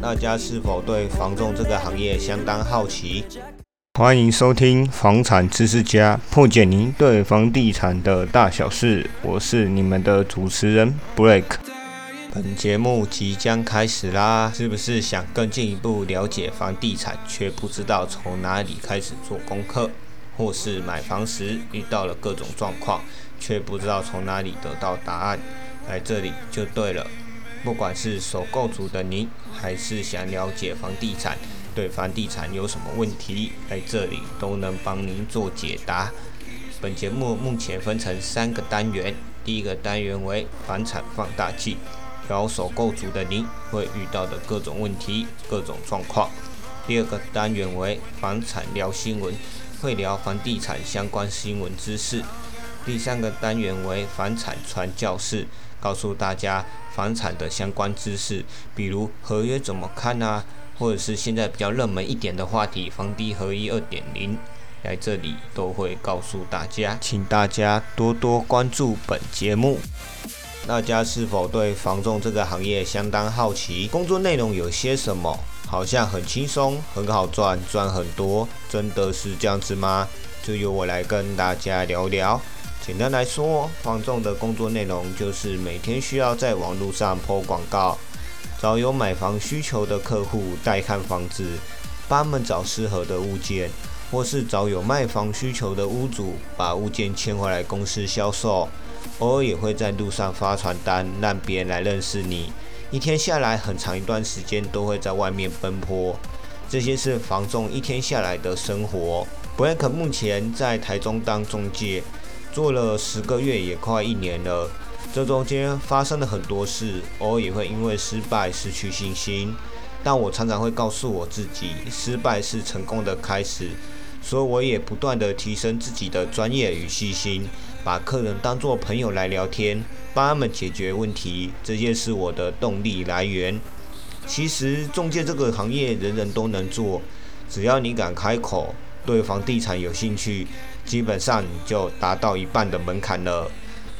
大家是否對房仲這個行業相當好奇？歡迎收聽《房產知識家》，破解您對房地產的大小事。我是你們的主持人 Black。本節目即將開始啦！是不是想更進一步了解房地產，卻不知道從哪裡開始做功課？或是買房時遇到了各種狀況，卻不知道從哪裡得到答案？來這裡就對了。不管是首購族的您，還是想了解房地產，對房地產有什麼問題，在這裡都能幫您做解答。本節目目前分成三個單元，第一個單元為房產放大器，聊首購族的您會遇到的各種問題、各種狀況；第二個單元為房產聊新聞，會聊房地產相關新聞知識；第三個單元為房產傳教士。告訴大家房產的相關知識，比如合約怎麼看啊，或者是現在比較熱門一點的話題，房地合一二點零，來這裡都會告訴大家，請大家多多關注本節目。大家是否對房仲這個行業相當好奇？工作內容有些什麼？好像很輕鬆，很好賺，賺很多，真的是這樣子嗎？就由我來跟大家聊聊。簡單來說，房仲的工作內容就是每天需要在網絡上 PO 廣告，找有買房需求的客戶帶看房子，幫他們找適合的物件，或是找有賣房需求的屋主把物件簽回來公司銷售。偶爾也會在路上發傳單，讓別人來認識你。一天下來，很長一段時間都會在外面奔波。這些是房仲一天下來的生活。Black 目前在台中當中介。做了十個月，也快一年了。這中間發生了很多事，偶爾也會因為失敗失去信心。但我常常會告訴我自己，失敗是成功的開始。所以我也不斷的提升自己的專業與細心，把客人當作朋友來聊天，幫他們解決問題。這些是我的動力來源。其實中介這個行業人人都能做，只要你敢開口。對房地產有興趣，基本上你就達到一半的門檻了。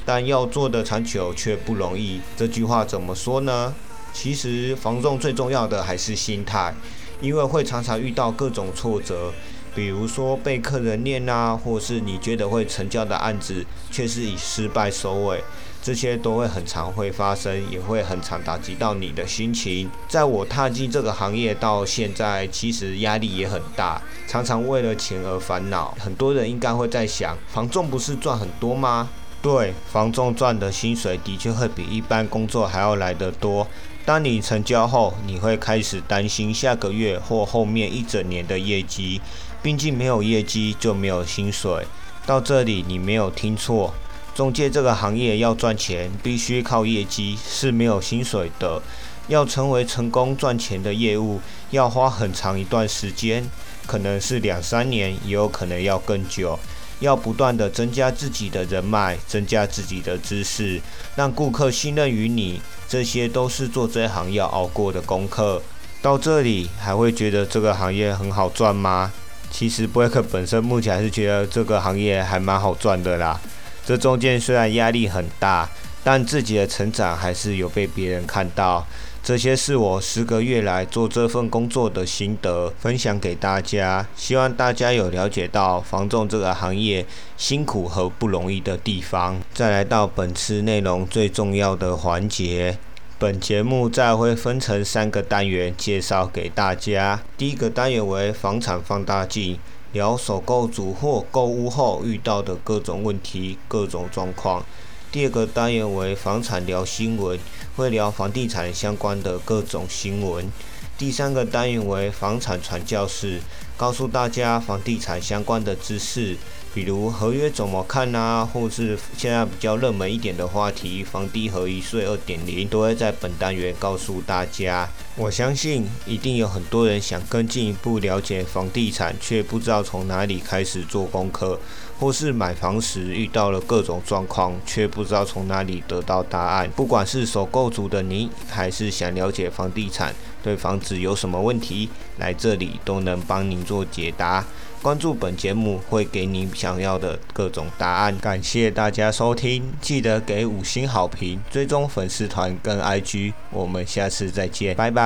但要做的長久卻不容易。這句話怎麼說呢？其實房仲最重要的還是心態，因為會常常遇到各種挫折，比如說被客人念啊，或是你覺得會成交的案子，卻是以失敗收尾。這些都會很常會發生，也會很常打擊到你的心情。在我踏進這個行業到現在，其實壓力也很大，常常為了錢而煩惱。很多人應該會在想，房仲不是賺很多嗎？對，房仲賺的薪水的確會比一般工作還要來得多。當你成交後，你會開始擔心下個月或後面一整年的業績，畢竟沒有業績就沒有薪水。到這裡，你沒有聽錯。中介這個行業要賺錢，必須靠業績，是沒有薪水的。要成為成功賺錢的業務，要花很長一段時間，可能是兩三年，也有可能要更久。要不斷的增加自己的人脈，增加自己的知識，讓顧客信任於你，這些都是做這行要熬過的功課。到這裡還會覺得這個行業很好賺嗎？其實 Black 本身目前還是覺得這個行業還蠻好賺的啦。這中間雖然壓力很大，但自己的成長還是有被別人看到。這些是我十個月來做這份工作的心得，分享給大家。希望大家有了解到房仲這個行業辛苦和不容易的地方。再來到本次內容最重要的環節，本節目再會分成三個單元介紹給大家。第一個單元為房產放大鏡。聊首購族或購屋後遇到的各種問題、各種狀況。第二個單元為房產聊新聞，會聊房地產相關的各種新聞。第三個單元為房產傳教士。告訴大家房地產相關的知識，比如合約怎麼看呐、啊，或是現在比較熱門一點的話題，房地合一稅二點零，0，都會在本單元告訴大家。我相信一定有很多人想更進一步了解房地產，卻不知道從哪裡開始做功課，或是買房時遇到了各種狀況，卻不知道從哪裡得到答案。不管是首購族的您，還是想了解房地產，對房子有什麼問題，來這裡都能幫您。做解答，關注本節目，會給你想要的各種答案。感謝大家收聽，記得給五星好評，追蹤粉絲團跟 IG。我們下次再見，拜拜。